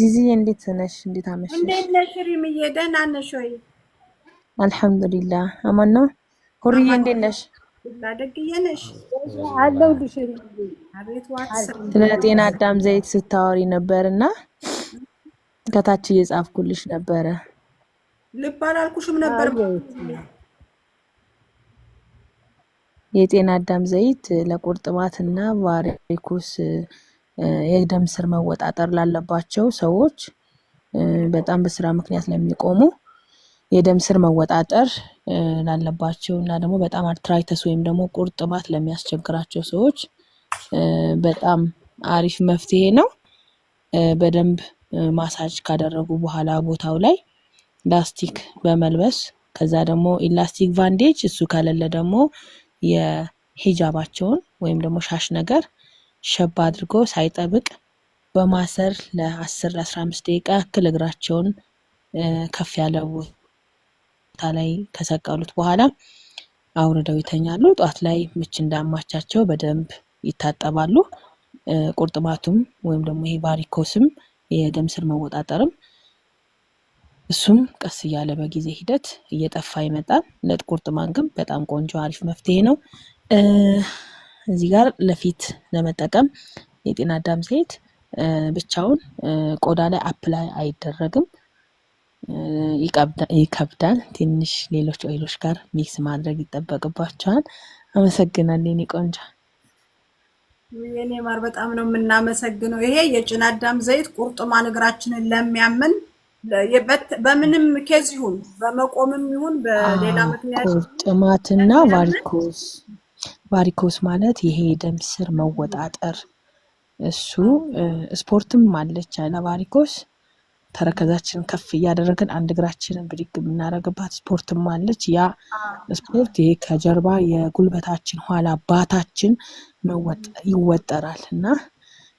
ዚዚ እንዴት ነሽ? እንዴት አመሽሽ? እንዴት ነሽ ሪምዬ? ደህና ነሽ ወይ? አልሐምዱሊላህ አማን ነው። ሁርዬ እንዴት ነሽ? ደግዬ ነሽ? አለሁልሽ። ስለ ጤና አዳም ዘይት ስታወሪ ነበርና ከታች እየጻፍኩልሽ ነበረ። ልብ አላልኩሽም ነበር። የጤና አዳም ዘይት ለቁርጥማትና ቫሪኩስ የደም ስር መወጣጠር ላለባቸው ሰዎች በጣም በስራ ምክንያት ለሚቆሙ የደም ስር መወጣጠር ላለባቸው እና ደግሞ በጣም አርትራይተስ ወይም ደግሞ ቁርጥማት ለሚያስቸግራቸው ሰዎች በጣም አሪፍ መፍትሄ ነው። በደንብ ማሳጅ ካደረጉ በኋላ ቦታው ላይ ላስቲክ በመልበስ ከዛ ደግሞ ኢላስቲክ ቫንዴጅ እሱ ከሌለ ደግሞ የሂጃባቸውን ወይም ደግሞ ሻሽ ነገር ሸባ አድርጎ ሳይጠብቅ በማሰር ለ10 15 ደቂቃ ያክል እግራቸውን ከፍ ያለ ቦታ ላይ ከሰቀሉት በኋላ አውርደው ይተኛሉ። ጧት ላይ ምች እንዳማቻቸው በደንብ ይታጠባሉ። ቁርጥማቱም ወይም ደግሞ ይሄ ቫሪኮስም የደም ስር መወጣጠርም እሱም ቀስ እያለ በጊዜ ሂደት እየጠፋ ይመጣል። ጥማት ግን በጣም ቆንጆ አሪፍ መፍትሄ ነው። እዚህ ጋር ለፊት ለመጠቀም የጤና አዳም ዘይት ብቻውን ቆዳ ላይ አፕላይ አይደረግም፣ ይከብዳል። ትንሽ ሌሎች ኦይሎች ጋር ሚክስ ማድረግ ይጠበቅባቸዋል። አመሰግናለሁ የኔ ቆንጆ። የኔ ማር በጣም ነው የምናመሰግነው። ይሄ የጭን አዳም ዘይት ቁርጥማን እግራችንን ለሚያምን በምንም ኬዝ ይሁን በመቆምም ይሁን በሌላ ምክንያት ቁርጥማትና ቫሪኮስ ቫሪኮስ ማለት ይሄ የደም ስር መወጣጠር እሱ ስፖርትም አለች አለ ቫሪኮስ ተረከዛችን ከፍ እያደረግን አንድ እግራችንን ብድግ የምናደርግባት ስፖርትም አለች። ያ ስፖርት ይሄ ከጀርባ የጉልበታችን ኋላ ባታችን ይወጠራል እና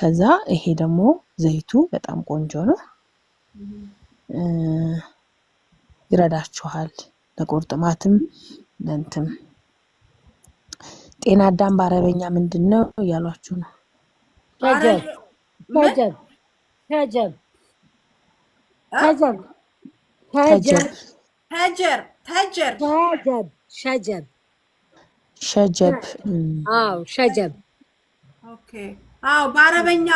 ከዛ ይሄ ደግሞ ዘይቱ በጣም ቆንጆ ነው፣ ይረዳችኋል ለቁርጥማትም ለንትም ጤና አዳም በአረበኛ ምንድን ነው እያሏችሁ ነው። ተጀብ ሸጀብ አዎ ሸጀብ አዎ በአረበኛ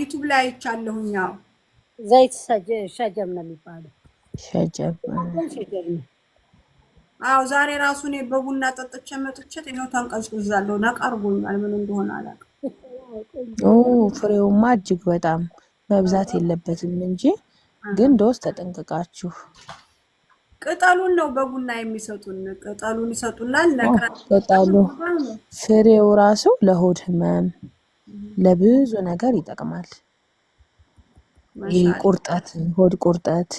ዩቱብ ላይ አይቻለሁኝ። ዘይት ሸጀብ ነው የሚባለው ሸጀብ አዎ ዛሬ ራሱ እኔ በቡና ጠጥቼ መጥቼት ነው ተንቀዝቅዛለሁ። ነቀርጎኛል። ምን እንደሆነ አላውቅም። ኦ ፍሬውማ እጅግ በጣም መብዛት የለበትም እንጂ ግን ዶስ ተጠንቅቃችሁ ቅጠሉን ነው በቡና የሚሰጡን። ቅጠሉን ይሰጡናል። ቅጠሉ ፍሬው ራሱ ለሆድ ህመም፣ ለብዙ ነገር ይጠቅማል። ይህ ቁርጠት፣ ሆድ ቁርጠት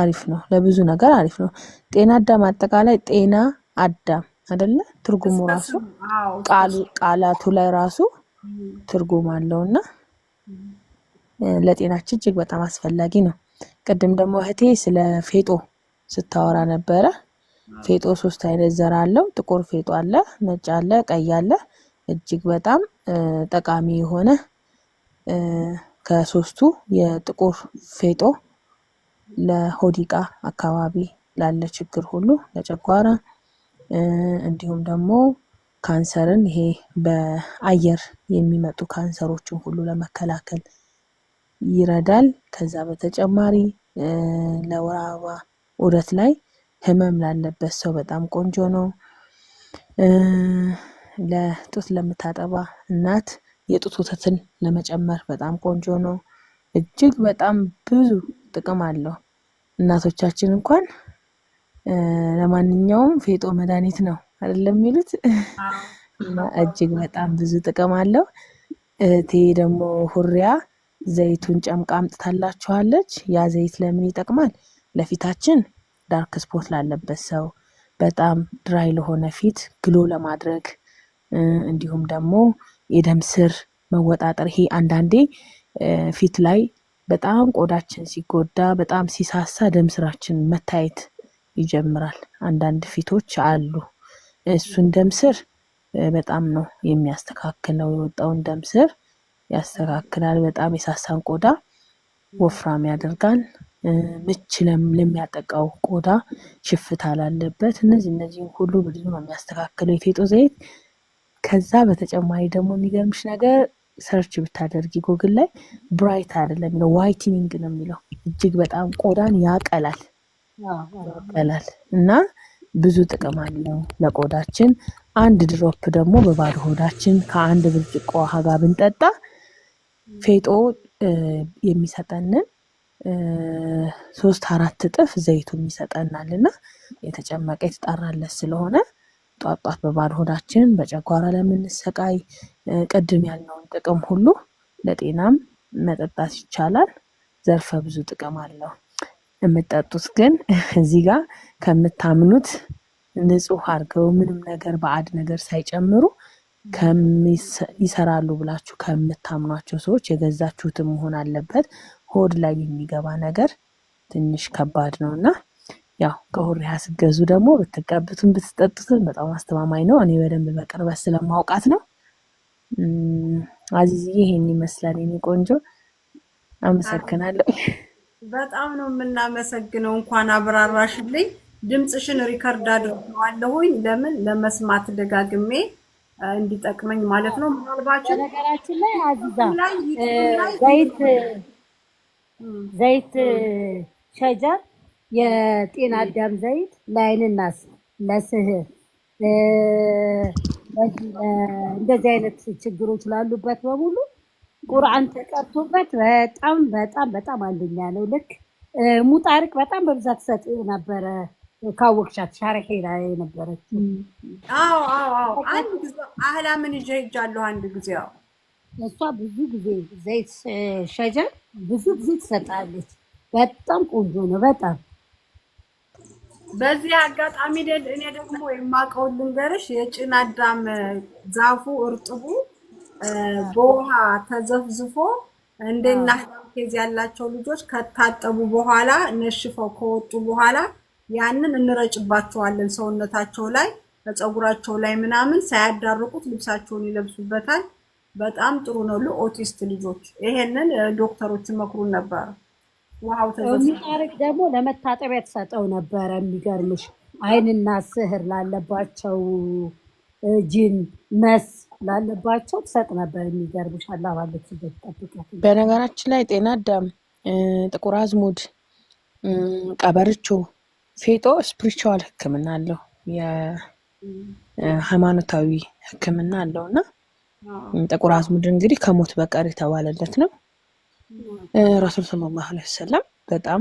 አሪፍ ነው፣ ለብዙ ነገር አሪፍ ነው። ጤና አዳም አጠቃላይ ጤና አዳም አይደለ? ትርጉሙ ራሱ ቃላቱ ላይ ራሱ ትርጉም አለው እና ለጤናችን እጅግ በጣም አስፈላጊ ነው። ቅድም ደግሞ እህቴ ስለ ፌጦ ስታወራ ነበረ። ፌጦ ሶስት አይነት ዘር አለው። ጥቁር ፌጦ አለ፣ ነጭ አለ፣ ቀይ አለ። እጅግ በጣም ጠቃሚ የሆነ ከሶስቱ የጥቁር ፌጦ ለሆዲቃ አካባቢ ላለ ችግር ሁሉ ለጨጓራ እንዲሁም ደግሞ ካንሰርን ይሄ በአየር የሚመጡ ካንሰሮችን ሁሉ ለመከላከል ይረዳል። ከዛ በተጨማሪ ለወር አበባ ዑደት ላይ ህመም ላለበት ሰው በጣም ቆንጆ ነው። ለጡት ለምታጠባ እናት የጡት ወተትን ለመጨመር በጣም ቆንጆ ነው። እጅግ በጣም ብዙ ጥቅም አለው። እናቶቻችን እንኳን ለማንኛውም ፌጦ መድኃኒት ነው አይደለም የሚሉት እና እጅግ በጣም ብዙ ጥቅም አለው። እህቴ ደግሞ ሁሪያ ዘይቱን ጨምቃ አምጥታላችኋለች። ያ ዘይት ለምን ይጠቅማል? ለፊታችን ዳርክ ስፖት ላለበት ሰው፣ በጣም ድራይ ለሆነ ፊት ግሎ ለማድረግ እንዲሁም ደግሞ የደም ስር መወጣጠር ይሄ አንዳንዴ ፊት ላይ በጣም ቆዳችን ሲጎዳ በጣም ሲሳሳ ደም ስራችን መታየት ይጀምራል። አንዳንድ ፊቶች አሉ እሱን ደም ስር በጣም ነው የሚያስተካክለው። የወጣውን ደም ስር ያስተካክላል። በጣም የሳሳን ቆዳ ወፍራም ያደርጋል። ምች ለሚያጠቃው ቆዳ ሽፍታ ላለበት እነዚህ እነዚህን ሁሉ ብዙ ነው የሚያስተካክለው የፌጦ ዘይት። ከዛ በተጨማሪ ደግሞ የሚገርምሽ ነገር ሰርች ብታደርጊ ጎግል ላይ ብራይት አይደለም የሚለው ዋይትኒንግ ነው የሚለው። እጅግ በጣም ቆዳን ያቀላል ያቀላል እና ብዙ ጥቅም አለው ለቆዳችን። አንድ ድሮፕ ደግሞ በባዶ ሆዳችን ከአንድ ብርጭቆ ውሃ ጋር ብንጠጣ ፌጦ የሚሰጠንን ሶስት አራት እጥፍ ዘይቱ የሚሰጠናል እና የተጨመቀ የተጣራለት ስለሆነ ጧት ጧት በባዶ ሆዳችን በጨጓራ ለምንሰቃይ ቅድም ያልነውን ጥቅም ሁሉ ለጤናም መጠጣት ይቻላል። ዘርፈ ብዙ ጥቅም አለው። የምጠጡት ግን እዚህ ጋር ከምታምኑት ንጹህ አድርገው ምንም ነገር በአድ ነገር ሳይጨምሩ ይሰራሉ ብላችሁ ከምታምኗቸው ሰዎች የገዛችሁትም መሆን አለበት። ሆድ ላይ የሚገባ ነገር ትንሽ ከባድ ነው እና ያው ከሆሬ ስትገዙ ደግሞ ብትቀብቱን ብትጠጡትን በጣም አስተማማኝ ነው። እኔ በደንብ በቅርበት ስለማውቃት ነው። አዚዝዬ ይሄን ይመስላል የኔ ቆንጆ። አመሰግናለሁ። በጣም ነው የምናመሰግነው። እንኳን አብራራሽልኝ። ድምፅሽን ሪከርድ አድርገዋለሁኝ። ለምን ለመስማት ደጋግሜ እንዲጠቅመኝ ማለት ነው። ምናልባችን ነገራችን ላይ አዚዛ ዘይት ዘይት ሸጀር የጤና አዳም ዘይት ለአይንና ለስህር እንደዚህ አይነት ችግሮች ላሉበት በሙሉ ቁርአን ተቀርቶበት በጣም በጣም በጣም አንደኛ ነው። ልክ ሙጣሪቅ በጣም በብዛት ሰጥ ነበረ። ካወቅሻት ሻረሄ ላይ የነበረች አዎ አዎ፣ አንድ አህላምን ይዤ ሄጃለሁ። አንድ ጊዜ እሷ ብዙ ጊዜ ዘይት ሸጀር ብዙ ጊዜ ትሰጣለች። በጣም ቆንጆ ነው። በጣም በዚህ አጋጣሚ እኔ ደግሞ የማውቀውን ልንገርሽ። የጭን ዛፉ እርጥቡ በውሃ ተዘፍዝፎ እንደና ኬዝ ያላቸው ልጆች ከታጠቡ በኋላ ነሽፈው ከወጡ በኋላ ያንን እንረጭባቸዋለን ሰውነታቸው ላይ በፀጉራቸው ላይ ምናምን ሳያዳርቁት ልብሳቸውን ይለብሱበታል። በጣም ጥሩ ነው ለኦቲስት ልጆች። ይሄንን ዶክተሮች መክሩን ነበረ። የሚታረቅ ደግሞ ለመታጠቢያ ተሰጠው ነበረ። የሚገርምሽ አይንና ስህር ላለባቸው ጂን መስ ላለባቸው ትሰጥ ነበር። የሚገርምሽ አላባለች ጠብቀት። በነገራችን ላይ ጤና አዳም፣ ጥቁር አዝሙድ፣ ቀበርቾ፣ ፌጦ ስፕሪቹዋል ሕክምና አለው የሃይማኖታዊ ሕክምና አለው እና ጥቁር አዝሙድ እንግዲህ ከሞት በቀር የተባለለት ነው። ረሱል ሰለላሁ ዐለይሂ ወሰለም በጣም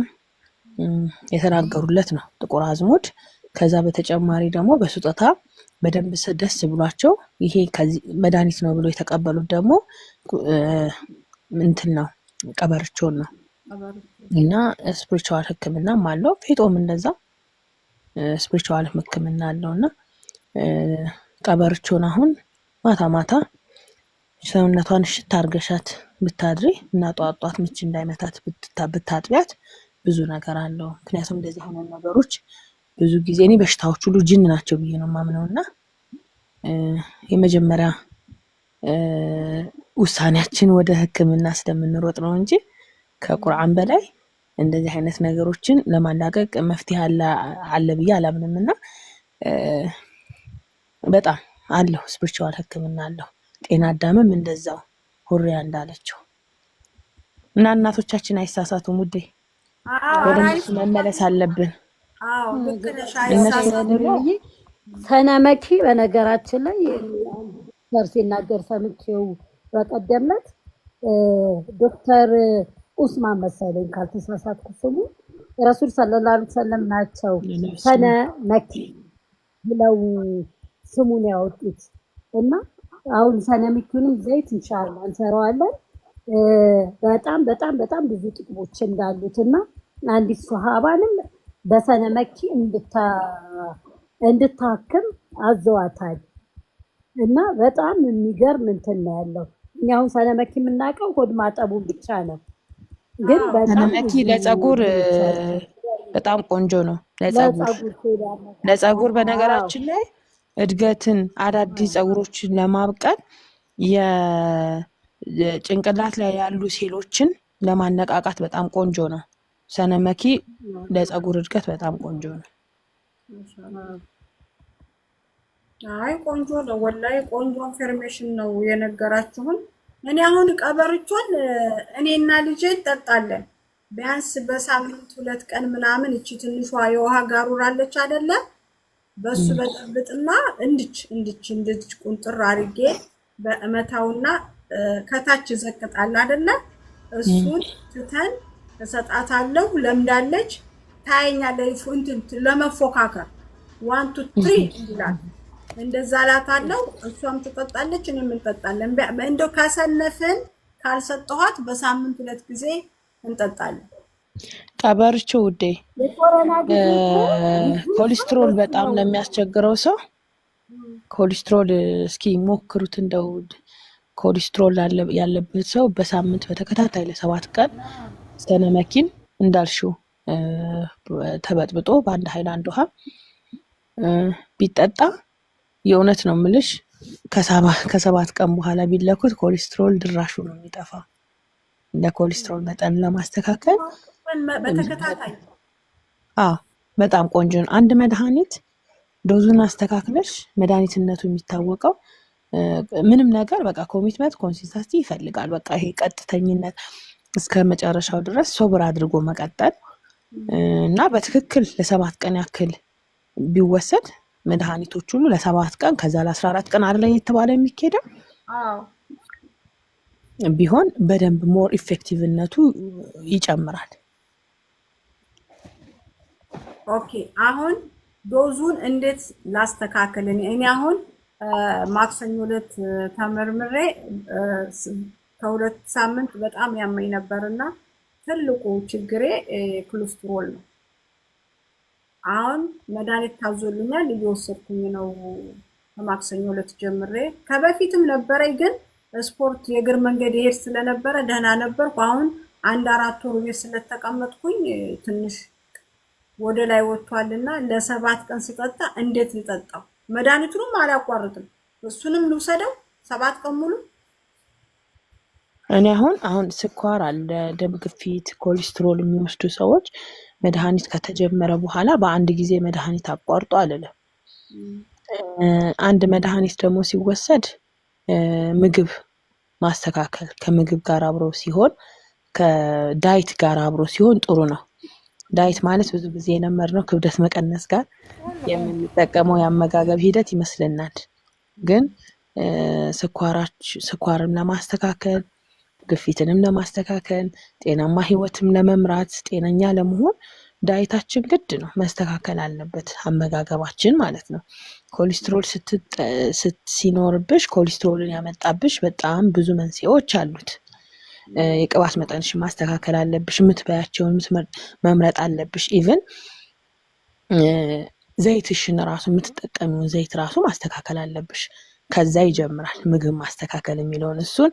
የተናገሩለት ነው ጥቁር አዝሙድ። ከዛ በተጨማሪ ደግሞ በስጦታ በደንብ ደስ ብሏቸው ይሄ መድኃኒት ነው ብሎ የተቀበሉት ደግሞ እንትን ነው ቀበርቾን ነው እና ስፕሪቹዋል ሕክምናም አለው። ፌጦም እንደዛ ስፕሪቹዋል ሕክምና አለው እና ቀበርቾን አሁን ማታ ማታ ሰውነቷን እሽት አርገሻት ብታድሪ እና ጧጧት ምች እንዳይመታት ብታጥቢያት ብዙ ነገር አለው። ምክንያቱም እንደዚህ አይነት ነገሮች ብዙ ጊዜ እኔ በሽታዎች ሁሉ ጅን ናቸው ብዬ ነው የማምነው እና የመጀመሪያ ውሳኔያችን ወደ ሕክምና ስለምንሮጥ ነው እንጂ ከቁርአን በላይ እንደዚህ አይነት ነገሮችን ለማላቀቅ መፍትሄ አለ ብዬ አላምንም። እና በጣም አለሁ ስፕሪቹዋል ሕክምና አለሁ ጤና አዳምም እንደዛው ሁሪያ እንዳለችው እና እናቶቻችን አይሳሳቱም ውዴ፣ ወደ እነሱ መመለስ አለብን። ሰነመኪ በነገራችን ላይ ሰር ሲናገር ሰምቼው በቀደምለት ዶክተር ኡስማን መሰለኝ ካልተሳሳትኩ ስሙ ረሱል ሰለላሁ ዐለይሂ ወሰለም ናቸው ሰነመኪ ብለው ስሙን ያወጡት እና አሁን ሰነምኪውንም ዘይት ኢንሻአላ እንሰራዋለን። በጣም በጣም በጣም ብዙ ጥቅሞች እንዳሉት እና አንዲት ሱሐባንም በሰነመኪ እንድታክም አዘዋታል እና በጣም የሚገርም እንትን ነው ያለው። እኛ ሰነመኪ የምናውቀው ሆድ ማጠቡን ብቻ ነው፣ ግን ሰነመኪ ለጸጉር በጣም ቆንጆ ነው። ለጸጉር በነገራችን ላይ እድገትን አዳዲስ ፀጉሮችን ለማብቀል ጭንቅላት ላይ ያሉ ሴሎችን ለማነቃቃት በጣም ቆንጆ ነው። ሰነ መኪ ለፀጉር እድገት በጣም ቆንጆ ነው። አይ ቆንጆ ነው፣ ወላሂ ቆንጆ ኢንፎርሜሽን ነው የነገራችሁን። እኔ አሁን ቀበርቿን እኔና ልጄ እንጠጣለን ቢያንስ በሳምንት ሁለት ቀን ምናምን። እቺ ትንሿ የውሃ ጋሩራለች አይደለም በእሱ በጠብጥና እንድች እንድች እንድች ቁንጥር አድርጌ በእመታውና ከታች ዘቅጣል አደለ? እሱን ትተን እሰጣታለሁ። ለምዳለች፣ ታየኛለች። እንትን ለመፎካከር ዋን ቱ ትሪ ይላል። እንደዛ ላታለው እሷም ትጠጣለች፣ እኔም እንጠጣለን። እንደው ካሰነፍን ካልሰጠኋት በሳምንት ሁለት ጊዜ እንጠጣለን። ቀበርቹ ውዴ፣ ኮሌስትሮል በጣም ነው የሚያስቸግረው ሰው። ኮሌስትሮል እስኪ ሞክሩት እንደው ኮሌስትሮል ያለበት ሰው በሳምንት በተከታታይ ለሰባት ቀን መኪን እንዳልሽው ተበጥብጦ በአንድ ሀይላንድ ውሃ ቢጠጣ የእውነት ነው ምልሽ ከሰባት ቀን በኋላ ቢለኩት ኮሌስትሮል ድራሹ ነው የሚጠፋ። እንደ ኮሌስትሮል መጠን ለማስተካከል በተከታታይ በጣም ቆንጆ ነው። አንድ መድኃኒት ዶዙን አስተካክለሽ መድኃኒትነቱ የሚታወቀው ምንም ነገር በቃ ኮሚትመንት ኮንሲስተንሲ ይፈልጋል። በቃ ይሄ ቀጥተኝነት እስከ መጨረሻው ድረስ ሶብር አድርጎ መቀጠል እና በትክክል ለሰባት ቀን ያክል ቢወሰድ መድኃኒቶች ሁሉ ለሰባት ቀን ከዛ ለአስራ አራት ቀን አለ የተባለ የሚኬደው ቢሆን በደንብ ሞር ኢፌክቲቭነቱ ይጨምራል። ኦኬ አሁን ዶዙን እንዴት ላስተካክል እኔ አሁን ማክሰኞ ዕለት ተመርምሬ ከሁለት ሳምንት በጣም ያመኝ ነበር እና ትልቁ ችግሬ ኮሌስትሮል ነው። አሁን መድኃኒት ታዞልኛል እየወሰድኩኝ ነው። ከማክሰኞ ዕለት ጀምሬ ከበፊትም ነበረኝ፣ ግን ስፖርት የእግር መንገድ ይሄድ ስለነበረ ደህና ነበርኩ። አሁን አንድ አራት ወር ቤት ስለተቀመጥኩኝ ትንሽ ወደ ላይ ወጥቷልና ለሰባት ቀን ስጠጣ እንዴት ልጠጣው? መድኃኒቱንም አላቋርጥም። እሱንም ልውሰደው ሰባት ቀን ሙሉ። እኔ አሁን አሁን ስኳር አለ፣ ደም ግፊት፣ ኮሌስትሮል የሚወስዱ ሰዎች መድኃኒት ከተጀመረ በኋላ በአንድ ጊዜ መድኃኒት አቋርጦ አልልም። አንድ መድኃኒት ደግሞ ሲወሰድ ምግብ ማስተካከል ከምግብ ጋር አብሮ ሲሆን ከዳይት ጋር አብሮ ሲሆን ጥሩ ነው። ዳይት ማለት ብዙ ጊዜ የለመድነው ክብደት መቀነስ ጋር የምንጠቀመው የአመጋገብ ሂደት ይመስልናል። ግን ስኳርን ለማስተካከል ግፊትንም ለማስተካከል ጤናማ ህይወትም ለመምራት ጤነኛ ለመሆን ዳይታችን ግድ ነው፣ መስተካከል አለበት አመጋገባችን ማለት ነው። ኮሌስትሮል ሲኖርብሽ ኮሌስትሮልን ያመጣብሽ በጣም ብዙ መንስኤዎች አሉት። የቅባት መጠንሽ ማስተካከል አለብሽ። የምትበያቸውን መምረጥ አለብሽ። ኢቨን ዘይትሽን ራሱ የምትጠቀሚውን ዘይት ራሱ ማስተካከል አለብሽ። ከዛ ይጀምራል ምግብ ማስተካከል የሚለውን እሱን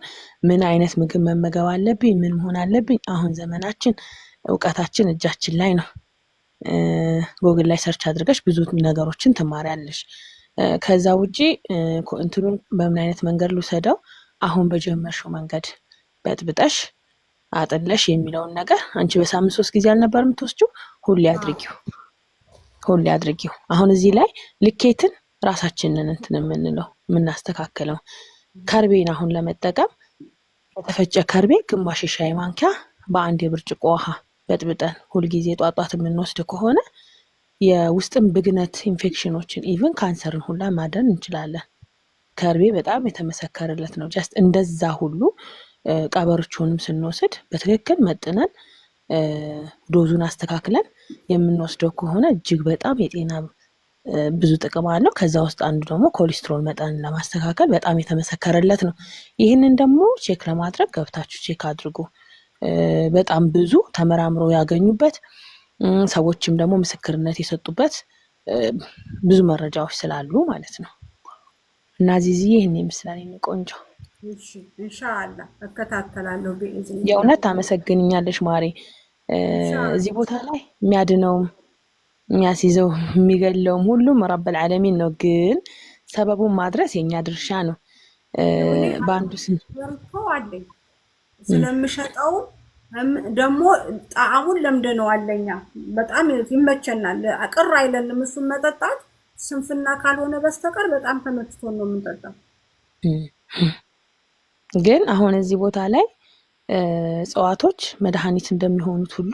ምን አይነት ምግብ መመገብ አለብኝ፣ ምን መሆን አለብኝ። አሁን ዘመናችን እውቀታችን እጃችን ላይ ነው። ጎግል ላይ ሰርች አድርገሽ ብዙ ነገሮችን ትማሪያለሽ። ከዛ ውጪ እንትኑን በምን አይነት መንገድ ልውሰደው፣ አሁን በጀመርሽው መንገድ በጥብጠሽ አጥለሽ የሚለውን ነገር አንቺ በሳምንት ሶስት ጊዜ አልነበር የምትወስጂው? ሁሌ አድርጊው፣ ሁሌ አድርጊው። አሁን እዚህ ላይ ልኬትን ራሳችንን እንትን የምንለው የምናስተካክለው ከርቤን አሁን ለመጠቀም የተፈጨ ከርቤ ግማሽ ሻይ ማንኪያ በአንድ የብርጭቆ ውሃ በጥብጠን ሁልጊዜ ጧጧት የምንወስድ ከሆነ የውስጥን ብግነት ኢንፌክሽኖችን ኢቭን ካንሰርን ሁላ ማደን እንችላለን። ከርቤ በጣም የተመሰከረለት ነው። ጀስት እንደዛ ሁሉ ቀበሮቹንም ስንወስድ በትክክል መጥነን ዶዙን አስተካክለን የምንወስደው ከሆነ እጅግ በጣም የጤና ብዙ ጥቅም አለው። ከዛ ውስጥ አንዱ ደግሞ ኮሌስትሮል መጠን ለማስተካከል በጣም የተመሰከረለት ነው። ይህንን ደግሞ ቼክ ለማድረግ ገብታችሁ ቼክ አድርጉ። በጣም ብዙ ተመራምሮ ያገኙበት ሰዎችም ደግሞ ምስክርነት የሰጡበት ብዙ መረጃዎች ስላሉ ማለት ነው። እና ዚዚ ይህን ይመስላል ቆንጆ እንሻላ እከታተላለሁ። የእውነት አመሰግንኛለሽ ማሬ። እዚህ ቦታ ላይ የሚያድነውም የሚያስይዘው የሚገለውም ሁሉም ረብ ልዓለሚን ነው፣ ግን ሰበቡን ማድረስ የኛ ድርሻ ነው። በአንዱ ስም አለኝ ስለምሸጠው ደግሞ ጣዕሙን ለምደነው አለኛ በጣም ይመቸናል፣ ቅር አይለንም እሱን መጠጣት ስንፍና ካልሆነ በስተቀር በጣም ተመችቶን ነው የምንጠጣው። ግን አሁን እዚህ ቦታ ላይ እጽዋቶች መድኃኒት እንደሚሆኑት ሁሉ